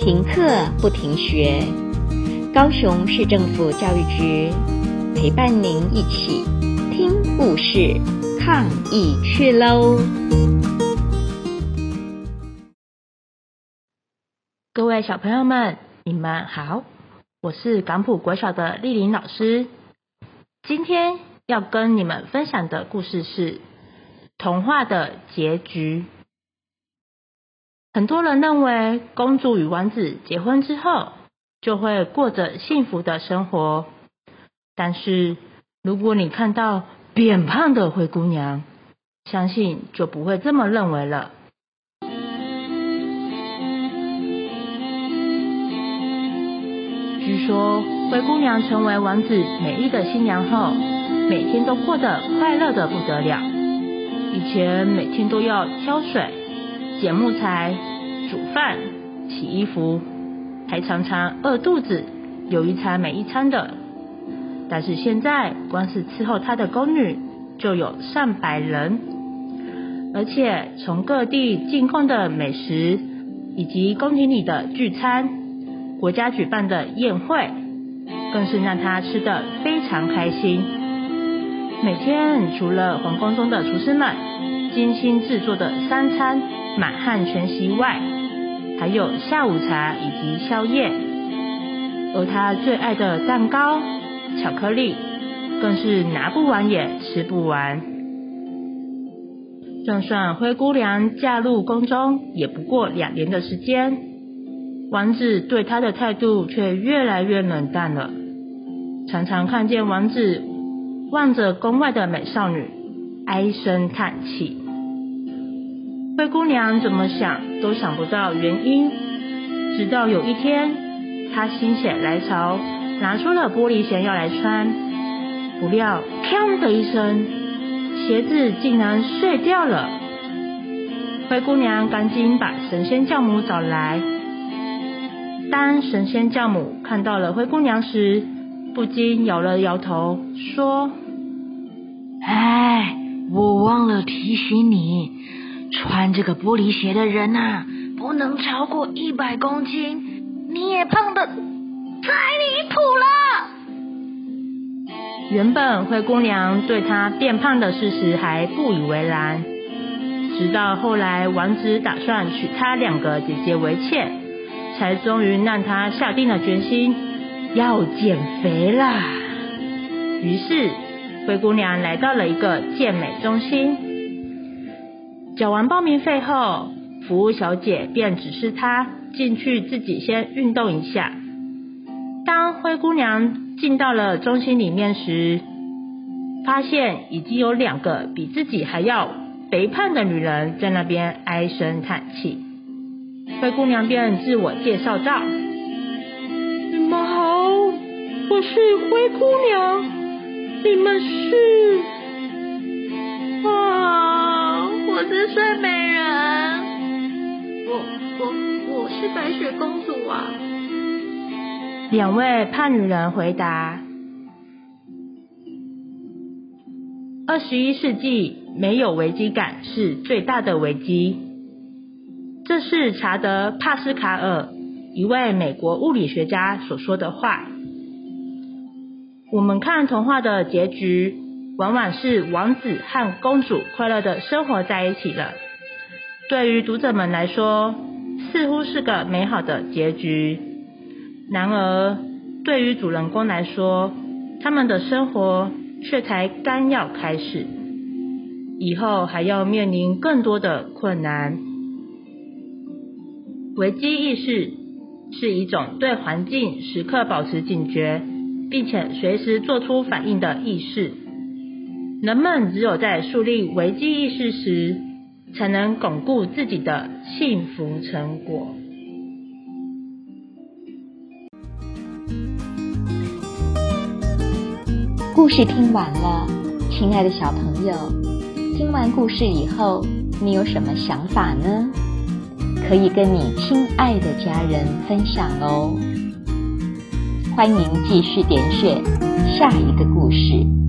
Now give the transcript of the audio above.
停課不停學，高雄市政府教育局陪伴您一起聽故事，抗疫趣嘍！各位小朋友們，你們好，我是港埔國小的俐伶老師，今天要跟你們分享的故事是童話的結局。很多人認為公主與王子結婚之後就會過着幸福的生活，但是如果你看到變胖的灰姑娘，相信就不會這麼認為了。據說灰姑娘成為王子美麗的新娘後，每天都過得快樂得不得了。以前每天都要挑水。撿木材、煮飯、洗衣服，還常常餓肚子，有一餐沒一餐的。但是現在，光是伺候他的宮女就有上百人，而且從各地進貢的美食，以及宮廷裡的聚餐、國家舉辦的宴會，更是讓他吃得非常開心。每天除了皇宮中的廚師們精心製作的三餐，滿漢全席外，還有下午茶以及宵夜，而他最愛的蛋糕、巧克力，更是拿不完也吃不完。就算灰姑娘嫁入宮中，也不過兩年的時間，王子對她的態度卻越來越冷淡了。常常看見王子望着宮外的美少女，唉聲嘆氣。灰姑娘怎麼想都想不到原因，直到有一天，她心血來潮拿出了玻璃鞋要來穿，不料“哐”的一聲，鞋子竟然碎掉了。灰姑娘趕緊把神仙教母找來，當神仙教母看到了灰姑娘時，不禁搖了搖頭說：“唉，我忘了提醒你。”穿這個玻璃鞋的人吶，不能超過一百公斤。你也胖得太離譜了。原本灰姑娘對她變胖的事實還不以為然，直到後來王子打算娶她兩個姐姐為妾，才終於讓她下定了決心要減肥啦。於是，灰姑娘來到了一個健美中心。繳完報名費後，服務小姐便指示她進去自己先運動一下。當灰姑娘進到了中心裡面時，發現已經有兩個比自己還要肥胖的女人在那邊唉聲嘆氣。灰姑娘便自我介紹道：“你們好，我是灰姑娘，你們是……”睡美人，我我我是白雪公主啊。兩位胖女人回答：二十一世紀沒有危機感是最大的危機。這是查德·帕斯卡爾，一位美國物理學家所說的話。我們看童話的結局。往往是王子和公主快樂的生活在一起了，對於讀者們來說，似乎是個美好的結局。然而，對於主人公來說，他們的生活卻才剛要開始，以後還要面臨更多的困難。危機意識是一種對環境時刻保持警覺，並且隨時做出反應的意識。人們只有在樹立危機意識時，才能鞏固自己的幸福成果。故事聽完了，親愛的小朋友，聽完故事以後，你有什麼想法呢？可以跟你親愛的家人分享哦。歡迎繼續點選下一個故事。